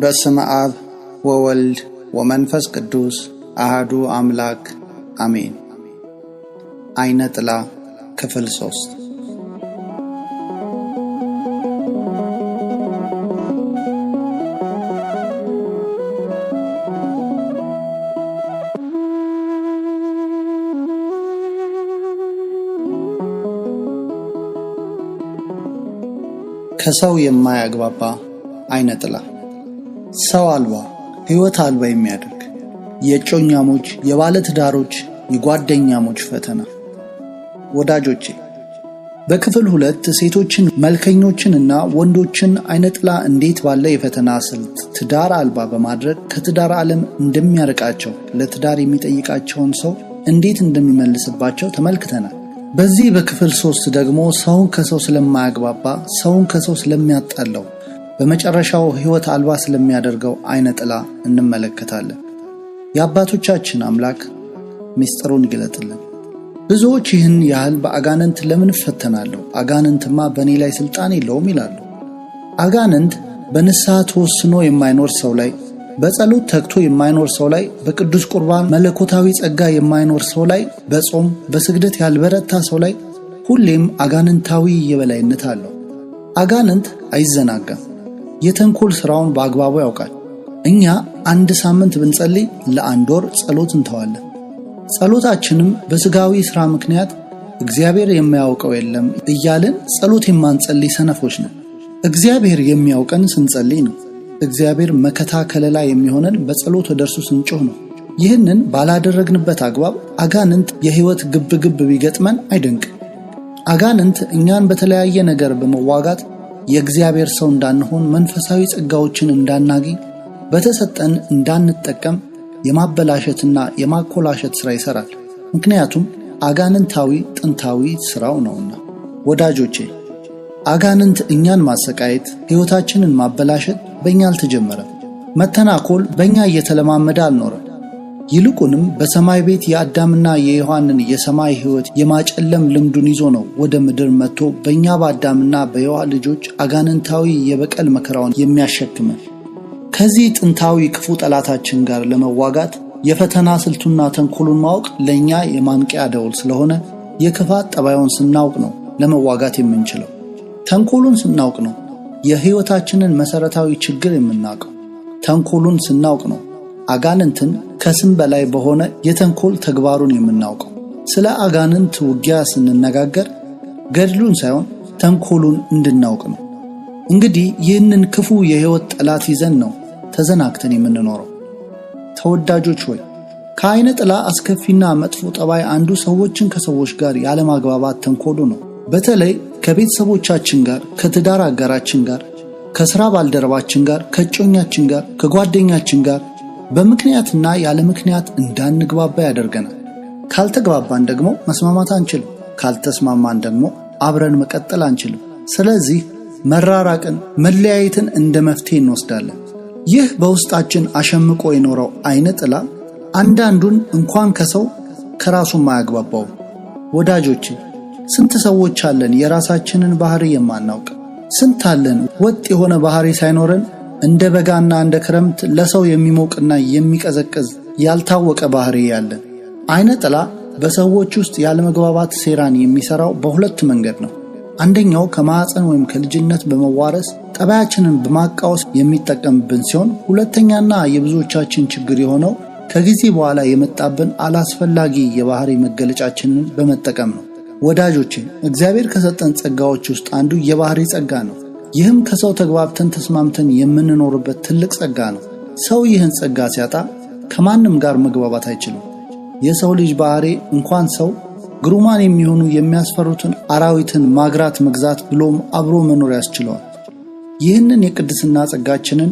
በስመ አብ ወወልድ ወመንፈስ ቅዱስ አህዱ አምላክ አሜን። አይነ ጥላ ክፍል ሶስት ከሰው የማያግባባ አይነጥላ። ጥላ ሰው አልባ ሕይወት አልባ የሚያደርግ የእጮኛሞች የባለትዳሮች የጓደኛሞች ፈተና። ወዳጆቼ በክፍል ሁለት ሴቶችን መልከኞችን እና ወንዶችን አይነጥላ እንዴት ባለ የፈተና ስልት ትዳር አልባ በማድረግ ከትዳር ዓለም እንደሚያርቃቸው ለትዳር የሚጠይቃቸውን ሰው እንዴት እንደሚመልስባቸው ተመልክተናል። በዚህ በክፍል ሶስት ደግሞ ሰውን ከሰው ስለማያግባባ ሰውን ከሰው ስለሚያጣለው በመጨረሻው ሕይወት አልባ ስለሚያደርገው አይነ ጥላ እንመለከታለን። የአባቶቻችን አምላክ ምስጢሩን ይግለጥልን። ብዙዎች ይህን ያህል በአጋንንት ለምን እፈተናለሁ? አጋንንትማ በእኔ ላይ ሥልጣን የለውም ይላሉ። አጋንንት በንስሐ ተወስኖ የማይኖር ሰው ላይ፣ በጸሎት ተግቶ የማይኖር ሰው ላይ፣ በቅዱስ ቁርባን መለኮታዊ ጸጋ የማይኖር ሰው ላይ፣ በጾም በስግደት ያልበረታ ሰው ላይ ሁሌም አጋንንታዊ የበላይነት አለው። አጋንንት አይዘናጋም። የተንኮል ስራውን በአግባቡ ያውቃል። እኛ አንድ ሳምንት ብንጸልይ ለአንድ ወር ጸሎት እንተዋለን። ጸሎታችንም በስጋዊ ስራ ምክንያት እግዚአብሔር የማያውቀው የለም እያልን ጸሎት የማንጸልይ ሰነፎች ነው። እግዚአብሔር የሚያውቀን ስንጸልይ ነው። እግዚአብሔር መከታ ከለላ የሚሆነን በጸሎት ወደ እርሱ ስንጮህ ነው። ይህንን ባላደረግንበት አግባብ አጋንንት የህይወት ግብግብ ቢገጥመን አይደንቅም። አጋንንት እኛን በተለያየ ነገር በመዋጋት የእግዚአብሔር ሰው እንዳንሆን፣ መንፈሳዊ ጸጋዎችን እንዳናገኝ፣ በተሰጠን እንዳንጠቀም የማበላሸትና የማኮላሸት ሥራ ይሠራል። ምክንያቱም አጋንንታዊ ጥንታዊ ሥራው ነውና። ወዳጆቼ አጋንንት እኛን ማሰቃየት፣ ሕይወታችንን ማበላሸት በእኛ አልተጀመረም። መተናኮል በእኛ እየተለማመደ አልኖረም። ይልቁንም በሰማይ ቤት የአዳምና የሔዋንን የሰማይ ሕይወት የማጨለም ልምዱን ይዞ ነው ወደ ምድር መጥቶ በእኛ በአዳምና በሔዋ ልጆች አጋንንታዊ የበቀል መከራውን የሚያሸክመን። ከዚህ ጥንታዊ ክፉ ጠላታችን ጋር ለመዋጋት የፈተና ስልቱና ተንኮሉን ማወቅ ለእኛ የማንቂያ ደውል ስለሆነ የክፋት ጠባዩን ስናውቅ ነው ለመዋጋት የምንችለው። ተንኮሉን ስናውቅ ነው የሕይወታችንን መሠረታዊ ችግር የምናውቀው። ተንኮሉን ስናውቅ ነው አጋንንትን ከስም በላይ በሆነ የተንኮል ተግባሩን የምናውቀው። ስለ አጋንንት ውጊያ ስንነጋገር ገድሉን ሳይሆን ተንኮሉን እንድናውቅ ነው። እንግዲህ ይህንን ክፉ የሕይወት ጠላት ይዘን ነው ተዘናግተን የምንኖረው። ተወዳጆች ሆይ ከአይነ ጥላ አስከፊና መጥፎ ጠባይ አንዱ ሰዎችን ከሰዎች ጋር ያለማግባባት ተንኮሉ ነው። በተለይ ከቤተሰቦቻችን ጋር፣ ከትዳር አጋራችን ጋር፣ ከሥራ ባልደረባችን ጋር፣ ከእጮኛችን ጋር፣ ከጓደኛችን ጋር በምክንያትና ያለ ምክንያት እንዳንግባባ ያደርገናል። ካልተግባባን ደግሞ መስማማት አንችልም። ካልተስማማን ደግሞ አብረን መቀጠል አንችልም። ስለዚህ መራራቅን፣ መለያየትን እንደ መፍትሄ እንወስዳለን። ይህ በውስጣችን አሸምቆ የኖረው አይነ ጥላ አንዳንዱን እንኳን ከሰው ከራሱም ማያግባባው ወዳጆች ስንት ሰዎች አለን የራሳችንን ባህሪ የማናውቅ? ስንት አለን ወጥ የሆነ ባህሪ ሳይኖረን እንደ በጋና እንደ ክረምት ለሰው የሚሞቅና የሚቀዘቅዝ ያልታወቀ ባህሪ ያለን አይነ ጥላ በሰዎች ውስጥ ያለመግባባት ሴራን የሚሰራው በሁለት መንገድ ነው። አንደኛው ከማዕፀን ወይም ከልጅነት በመዋረስ ጠባያችንን በማቃወስ የሚጠቀምብን ሲሆን፣ ሁለተኛና የብዙዎቻችን ችግር የሆነው ከጊዜ በኋላ የመጣብን አላስፈላጊ የባህሪ መገለጫችንን በመጠቀም ነው። ወዳጆቼ፣ እግዚአብሔር ከሰጠን ጸጋዎች ውስጥ አንዱ የባህሪ ጸጋ ነው። ይህም ከሰው ተግባብተን ተስማምተን የምንኖርበት ትልቅ ጸጋ ነው። ሰው ይህን ጸጋ ሲያጣ ከማንም ጋር መግባባት አይችልም። የሰው ልጅ ባህሪ እንኳን ሰው ግሩማን የሚሆኑ የሚያስፈሩትን አራዊትን ማግራት፣ መግዛት ብሎም አብሮ መኖር ያስችለዋል። ይህንን የቅድስና ጸጋችንን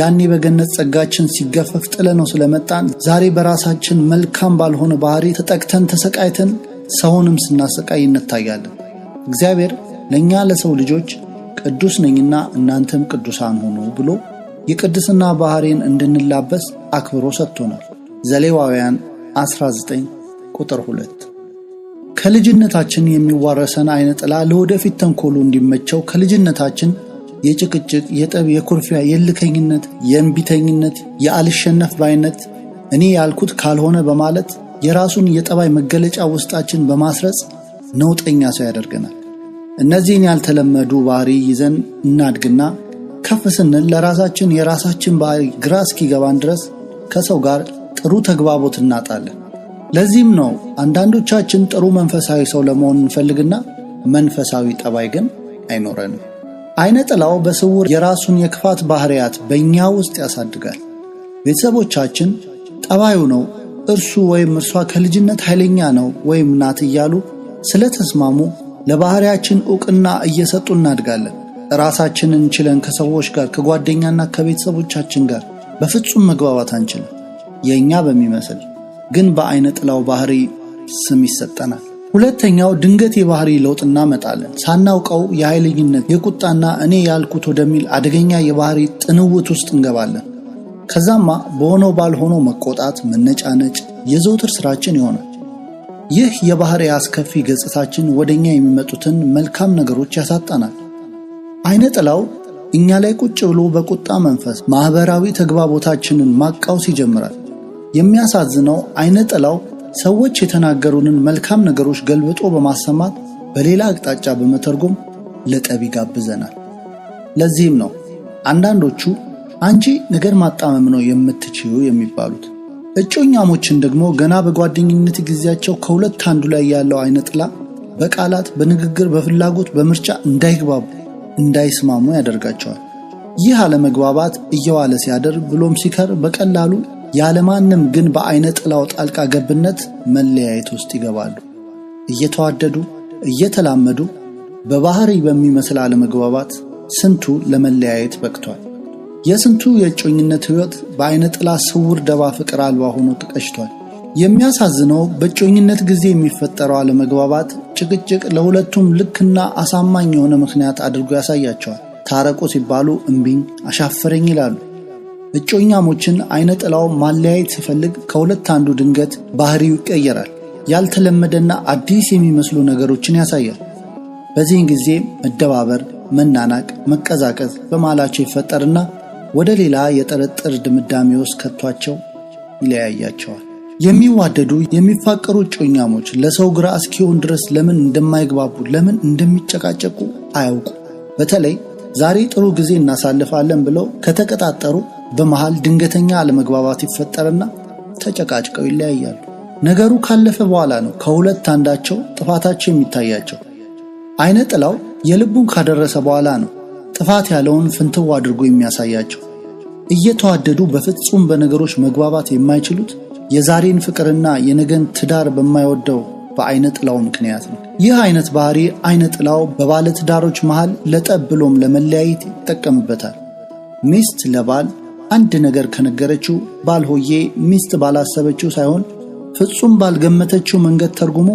ያኔ በገነት ጸጋችን ሲገፈፍ ጥለነው ስለመጣን ዛሬ በራሳችን መልካም ባልሆነ ባህሪ ተጠቅተን ተሰቃይተን ሰውንም ስናሰቃይ እንታያለን። እግዚአብሔር ለእኛ ለሰው ልጆች ቅዱስ ነኝና እናንተም ቅዱሳን ሁኑ ብሎ የቅድስና ባህሪን እንድንላበስ አክብሮ ሰጥቶናል። ዘሌዋውያን 19 ቁጥር 2 ከልጅነታችን የሚዋረሰን አይነ ጥላ ለወደፊት ተንኮሉ እንዲመቸው ከልጅነታችን የጭቅጭቅ፣ የጠብ፣ የኩርፊያ፣ የልከኝነት፣ የእንቢተኝነት፣ የአልሸነፍ ባይነት እኔ ያልኩት ካልሆነ በማለት የራሱን የጠባይ መገለጫ ውስጣችን በማስረጽ ነውጠኛ ሰው ያደርገናል። እነዚህን ያልተለመዱ ባህሪ ይዘን እናድግና ከፍ ስንል ለራሳችን የራሳችን ባህሪ ግራ እስኪገባን ድረስ ከሰው ጋር ጥሩ ተግባቦት እናጣለን። ለዚህም ነው አንዳንዶቻችን ጥሩ መንፈሳዊ ሰው ለመሆን እንፈልግና መንፈሳዊ ጠባይ ግን አይኖረንም። አይነ ጥላው በስውር የራሱን የክፋት ባህሪያት በእኛ ውስጥ ያሳድጋል። ቤተሰቦቻችን ጠባዩ ነው እርሱ ወይም እርሷ ከልጅነት ኃይለኛ ነው ወይም ናት እያሉ ስለተስማሙ ለባህሪያችን ዕውቅና እየሰጡ እናድጋለን። ራሳችንን ችለን ከሰዎች ጋር ከጓደኛና ከቤተሰቦቻችን ጋር በፍጹም መግባባት አንችልም። የእኛ በሚመስል ግን በአይነ ጥላው ባህሪ ስም ይሰጠናል። ሁለተኛው ድንገት የባህሪ ለውጥ እናመጣለን። ሳናውቀው የኃይለኝነት የቁጣና እኔ ያልኩት ወደሚል አደገኛ የባህሪ ጥንውት ውስጥ እንገባለን። ከዛማ በሆነው ባልሆነው መቆጣት፣ መነጫነጭ የዘውትር ስራችን ይሆናል። ይህ የባህሪ አስከፊ ገጽታችን ወደኛ የሚመጡትን መልካም ነገሮች ያሳጣናል። አይነ ጥላው እኛ ላይ ቁጭ ብሎ በቁጣ መንፈስ ማኅበራዊ ተግባቦታችንን ማቃወስ ይጀምራል። የሚያሳዝነው አይነ ጥላው ሰዎች የተናገሩንን መልካም ነገሮች ገልብጦ በማሰማት በሌላ አቅጣጫ በመተርጎም ለጠብ ይጋብዘናል። ለዚህም ነው አንዳንዶቹ አንቺ ነገር ማጣመም ነው የምትችዩ የሚባሉት። እጮኛሞችን ደግሞ ገና በጓደኝነት ጊዜያቸው ከሁለት አንዱ ላይ ያለው አይነ ጥላ በቃላት በንግግር በፍላጎት በምርጫ እንዳይግባቡ እንዳይስማሙ ያደርጋቸዋል። ይህ አለመግባባት እየዋለ ሲያደር ብሎም ሲከር በቀላሉ ያለማንም ግን በአይነ ጥላው ጣልቃ ገብነት መለያየት ውስጥ ይገባሉ። እየተዋደዱ እየተላመዱ በባህሪ በሚመስል አለመግባባት ስንቱ ለመለያየት በቅቷል። የስንቱ የእጮኝነት ሕይወት በዐይነ ጥላ ስውር ደባ ፍቅር አልባ ሆኖ ተቀጭቷል። የሚያሳዝነው በእጮኝነት ጊዜ የሚፈጠረው አለመግባባት፣ ጭቅጭቅ ለሁለቱም ልክና አሳማኝ የሆነ ምክንያት አድርጎ ያሳያቸዋል። ታረቁ ሲባሉ እምቢኝ፣ አሻፈረኝ ይላሉ። እጮኛሞችን ዐይነ ጥላው ማለያየት ሲፈልግ ከሁለት አንዱ ድንገት ባህሪው ይቀየራል። ያልተለመደና አዲስ የሚመስሉ ነገሮችን ያሳያል። በዚህን ጊዜ መደባበር፣ መናናቅ፣ መቀዛቀዝ በመሃላቸው ይፈጠርና ወደ ሌላ የጥርጥር ድምዳሜ ውስጥ ከቷቸው ይለያያቸዋል። የሚዋደዱ የሚፋቀሩ ጮኛሞች ለሰው ግራ እስኪሆን ድረስ ለምን እንደማይግባቡ ለምን እንደሚጨቃጨቁ አያውቁ። በተለይ ዛሬ ጥሩ ጊዜ እናሳልፋለን ብለው ከተቀጣጠሩ በመሃል ድንገተኛ አለመግባባት ይፈጠርና ተጨቃጭቀው ይለያያሉ። ነገሩ ካለፈ በኋላ ነው ከሁለት አንዳቸው ጥፋታቸው የሚታያቸው። አይነ ጥላው የልቡን ካደረሰ በኋላ ነው ጥፋት ያለውን ፍንትው አድርጎ የሚያሳያቸው እየተዋደዱ በፍጹም በነገሮች መግባባት የማይችሉት የዛሬን ፍቅርና የነገን ትዳር በማይወደው በአይነ ጥላው ምክንያት ነው። ይህ አይነት ባህሪ አይነ ጥላው በባለትዳሮች መሃል ለጠብ ብሎም ለመለያየት ይጠቀምበታል። ሚስት ለባል አንድ ነገር ከነገረችው ባልሆዬ ሚስት ባላሰበችው ሳይሆን ፍጹም ባልገመተችው መንገድ ተርጉሞ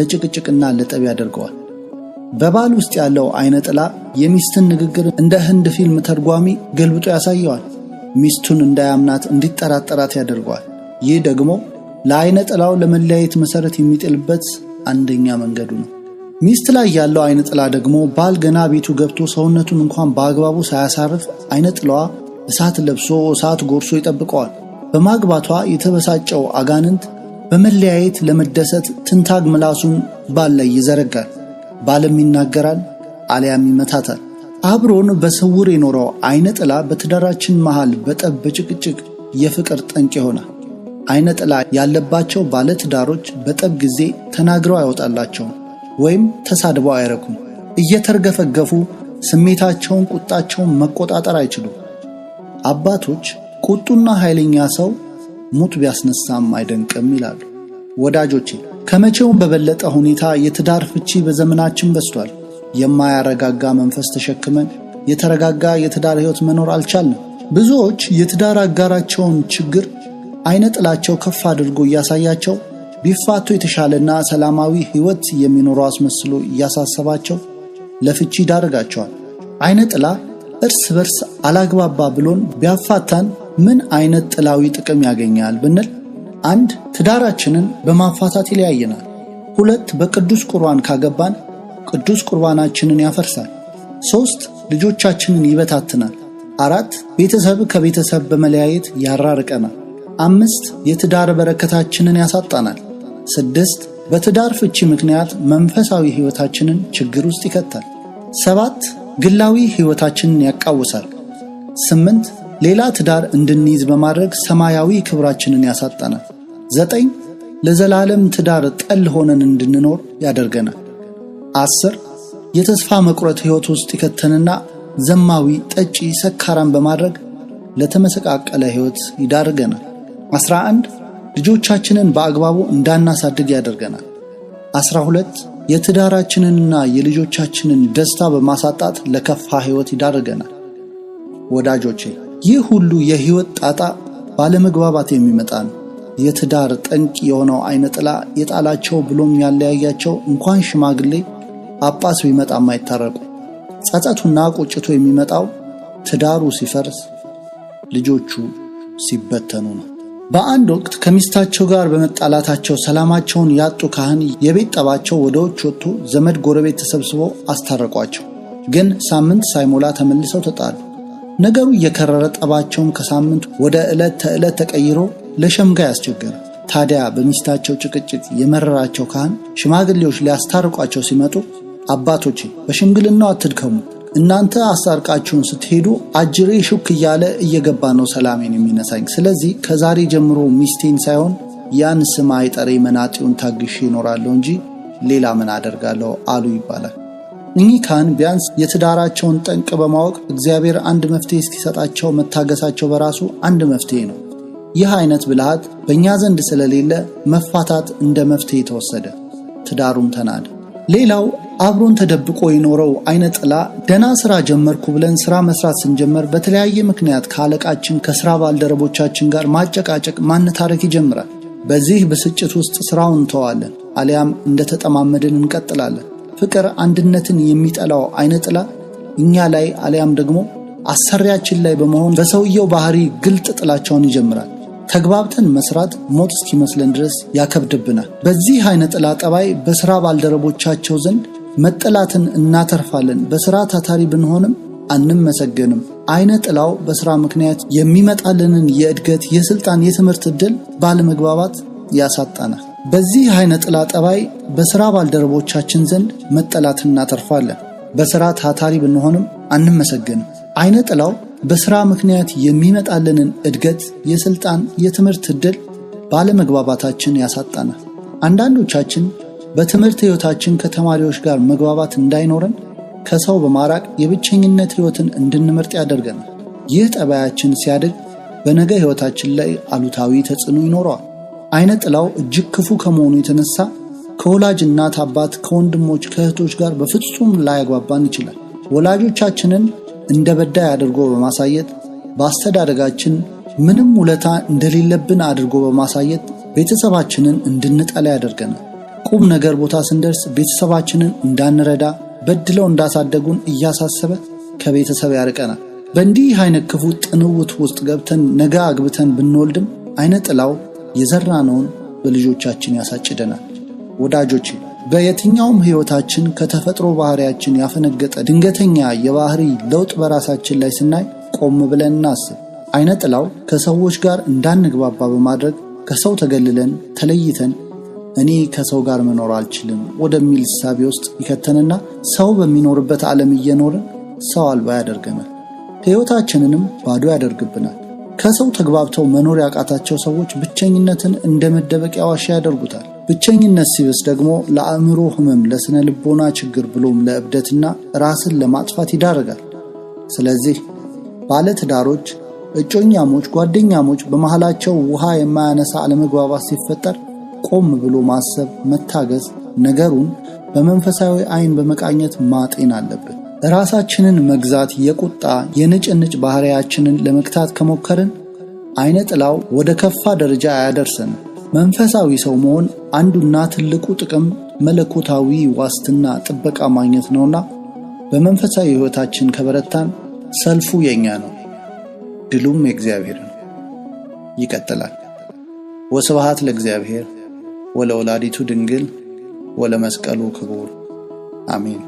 ለጭቅጭቅና ለጠብ ያደርገዋል። በባል ውስጥ ያለው አይነ ጥላ የሚስትን ንግግር እንደ ህንድ ፊልም ተርጓሚ ገልብጦ ያሳየዋል። ሚስቱን እንዳያምናት እንዲጠራጠራት ያደርገዋል። ይህ ደግሞ ለአይነ ጥላው ለመለያየት መሠረት የሚጥልበት አንደኛ መንገዱ ነው። ሚስት ላይ ያለው አይነ ጥላ ደግሞ ባል ገና ቤቱ ገብቶ ሰውነቱን እንኳን በአግባቡ ሳያሳርፍ አይነ ጥላዋ እሳት ለብሶ እሳት ጎርሶ ይጠብቀዋል። በማግባቷ የተበሳጨው አጋንንት በመለያየት ለመደሰት ትንታግ ምላሱን ባል ላይ ይዘረጋል። ባልም ይናገራል አሊያም ይመታታል። አብሮን በስውር የኖረው አይነ ጥላ በትዳራችን መሃል በጠብ በጭቅጭቅ የፍቅር ጠንቅ ይሆናል። አይነ ጥላ ያለባቸው ባለ ትዳሮች በጠብ ጊዜ ተናግረው አይወጣላቸውም ወይም ተሳድበው አይረኩም። እየተርገፈገፉ ስሜታቸውን፣ ቁጣቸውን መቆጣጠር አይችሉም። አባቶች ቁጡና ኃይለኛ ሰው ሙጥ ቢያስነሳም አይደንቅም ይላሉ። ወዳጆቼ ከመቼውም በበለጠ ሁኔታ የትዳር ፍቺ በዘመናችን በስቷል። የማያረጋጋ መንፈስ ተሸክመን የተረጋጋ የትዳር ሕይወት መኖር አልቻልንም። ብዙዎች የትዳር አጋራቸውን ችግር አይነ ጥላቸው ከፍ አድርጎ እያሳያቸው ቢፋቱ የተሻለና ሰላማዊ ሕይወት የሚኖሩ አስመስሎ እያሳሰባቸው ለፍቺ ይዳርጋቸዋል። አይነ ጥላ እርስ በርስ አላግባባ ብሎን ቢያፋታን ምን አይነት ጥላዊ ጥቅም ያገኛል ብንል አንድ ትዳራችንን በማፋታት ይለያየናል። ሁለት በቅዱስ ቁርባን ካገባን ቅዱስ ቁርባናችንን ያፈርሳል። ሶስት ልጆቻችንን ይበታትናል። አራት ቤተሰብ ከቤተሰብ በመለያየት ያራርቀናል። አምስት የትዳር በረከታችንን ያሳጣናል። ስድስት በትዳር ፍቺ ምክንያት መንፈሳዊ ሕይወታችንን ችግር ውስጥ ይከታል። ሰባት ግላዊ ሕይወታችንን ያቃውሳል። ስምንት ሌላ ትዳር እንድንይዝ በማድረግ ሰማያዊ ክብራችንን ያሳጣናል። ዘጠኝ ለዘላለም ትዳር ጠል ሆነን እንድንኖር ያደርገናል። አስር የተስፋ መቁረጥ ሕይወት ውስጥ ይከተንና ዘማዊ፣ ጠጪ፣ ሰካራን በማድረግ ለተመሰቃቀለ ሕይወት ይዳርገናል። አስራ አንድ ልጆቻችንን በአግባቡ እንዳናሳድግ ያደርገናል። አስራ ሁለት የትዳራችንንና የልጆቻችንን ደስታ በማሳጣት ለከፋ ሕይወት ይዳርገናል። ወዳጆቼ ይህ ሁሉ የሕይወት ጣጣ ባለመግባባት የሚመጣ ነው። የትዳር ጠንቅ የሆነው አይነ ጥላ የጣላቸው ብሎም ያለያያቸው እንኳን ሽማግሌ ጳጳስ ቢመጣም አይታረቁ። ጸጸቱና ቁጭቱ የሚመጣው ትዳሩ ሲፈርስ፣ ልጆቹ ሲበተኑ ነው። በአንድ ወቅት ከሚስታቸው ጋር በመጣላታቸው ሰላማቸውን ያጡ ካህን የቤት ጠባቸው ወደ ውጭ ወጥቶ ዘመድ ጎረቤት ተሰብስበው አስታረቋቸው። ግን ሳምንት ሳይሞላ ተመልሰው ተጣሉ። ነገሩ እየከረረ ጠባቸውም ከሳምንት ወደ ዕለት ተዕለት ተቀይሮ ለሸምጋይ አስቸገረ። ታዲያ በሚስታቸው ጭቅጭት የመረራቸው ካህን ሽማግሌዎች ሊያስታርቋቸው ሲመጡ አባቶቼ በሽምግልናው አትድከሙ፣ እናንተ አስታርቃችሁን ስትሄዱ አጅሬ ሹክ እያለ እየገባ ነው ሰላሜን የሚነሳኝ። ስለዚህ ከዛሬ ጀምሮ ሚስቴን ሳይሆን ያን ስም አይጠሬ መናጢውን ታግሽ ይኖራለሁ እንጂ ሌላ ምን አደርጋለሁ አሉ ይባላል። እኚህ ካህን ቢያንስ የትዳራቸውን ጠንቅ በማወቅ እግዚአብሔር አንድ መፍትሄ እስኪሰጣቸው መታገሳቸው በራሱ አንድ መፍትሄ ነው። ይህ አይነት ብልሃት በእኛ ዘንድ ስለሌለ መፋታት እንደ መፍትሄ ተወሰደ፣ ትዳሩም ተናደ። ሌላው አብሮን ተደብቆ የኖረው አይነ ጥላ ደና ስራ ጀመርኩ ብለን ስራ መስራት ስንጀመር በተለያየ ምክንያት ከአለቃችን ከስራ ባልደረቦቻችን ጋር ማጨቃጨቅ፣ ማነታረክ ይጀምራል። በዚህ ብስጭት ውስጥ ስራውን እንተዋለን፣ አሊያም እንደተጠማመድን እንቀጥላለን። ፍቅር አንድነትን የሚጠላው አይነ ጥላ እኛ ላይ አሊያም ደግሞ አሰሪያችን ላይ በመሆን በሰውየው ባህሪ ግልጥ ጥላቸውን ይጀምራል። ተግባብተን መስራት ሞት እስኪመስለን ድረስ ያከብድብናል። በዚህ አይነ ጥላ ጠባይ ባልደረቦቻቸው ዘንድ መጠላትን እናተርፋለን። በስራ ታታሪ ብንሆንም አንመሰገንም። አይነ ጥላው በስራ ምክንያት የሚመጣልንን የእድገት፣ የሥልጣን፣ የትምህርት ዕድል ባለመግባባት ያሳጣናል። በዚህ አይነ ጥላ ጠባይ ባልደረቦቻችን ዘንድ መጠላትን እናተርፋለን። በስራ ታታሪ ብንሆንም አንመሰገንም። አይነ ጥላው በሥራ ምክንያት የሚመጣልንን እድገት፣ የሥልጣን፣ የትምህርት ዕድል ባለመግባባታችን ያሳጣናል። አንዳንዶቻችን በትምህርት ሕይወታችን ከተማሪዎች ጋር መግባባት እንዳይኖረን ከሰው በማራቅ የብቸኝነት ሕይወትን እንድንመርጥ ያደርገናል። ይህ ጠባያችን ሲያድግ በነገ ሕይወታችን ላይ አሉታዊ ተጽዕኖ ይኖረዋል። ዐይነ ጥላው እጅግ ክፉ ከመሆኑ የተነሳ ከወላጅ እናት አባት፣ ከወንድሞች፣ ከእህቶች ጋር በፍጹም ላያግባባን ይችላል። ወላጆቻችንን እንደ በዳይ አድርጎ በማሳየት በአስተዳደጋችን ምንም ውለታ እንደሌለብን አድርጎ በማሳየት ቤተሰባችንን እንድንጠላ ያደርገናል። ቁም ነገር ቦታ ስንደርስ ቤተሰባችንን እንዳንረዳ በድለው እንዳሳደጉን እያሳሰበ ከቤተሰብ ያርቀናል። በእንዲህ አይነት ክፉ ጥንውት ውስጥ ገብተን ነገ አግብተን ብንወልድም አይነ ጥላው የዘራነውን በልጆቻችን ያሳጭደናል። ወዳጆች በየትኛውም ህይወታችን ከተፈጥሮ ባህሪያችን ያፈነገጠ ድንገተኛ የባህሪ ለውጥ በራሳችን ላይ ስናይ ቆም ብለን እናስብ። አይነ ጥላው ከሰዎች ጋር እንዳንግባባ በማድረግ ከሰው ተገልለን ተለይተን እኔ ከሰው ጋር መኖር አልችልም ወደሚል እሳቤ ውስጥ ይከተንና ሰው በሚኖርበት ዓለም እየኖርን ሰው አልባ ያደርገናል። ሕይወታችንንም ባዶ ያደርግብናል። ከሰው ተግባብተው መኖር ያቃታቸው ሰዎች ብቸኝነትን እንደ መደበቂያ ዋሻ ያደርጉታል። ብቸኝነት ሲብስ ደግሞ ለአእምሮ ህመም፣ ለስነ ልቦና ችግር ብሎም ለእብደትና ራስን ለማጥፋት ይዳረጋል። ስለዚህ ባለትዳሮች፣ እጮኛሞች፣ ጓደኛሞች በመሃላቸው ውሃ የማያነሳ አለመግባባት ሲፈጠር ቆም ብሎ ማሰብ፣ መታገዝ፣ ነገሩን በመንፈሳዊ አይን በመቃኘት ማጤን አለብን። ራሳችንን መግዛት፣ የቁጣ የንጭንጭ ባህሪያችንን ለመግታት ከሞከርን አይነ ጥላው ወደ ከፋ ደረጃ አያደርሰንም። መንፈሳዊ ሰው መሆን አንዱና ትልቁ ጥቅም መለኮታዊ ዋስትና ጥበቃ ማግኘት ነውና በመንፈሳዊ ሕይወታችን ከበረታን ሰልፉ የኛ ነው፣ ድሉም የእግዚአብሔር ነው። ይቀጥላል። ወስብሐት ለእግዚአብሔር ወለወላዲቱ ድንግል ወለመስቀሉ ክቡር አሜን።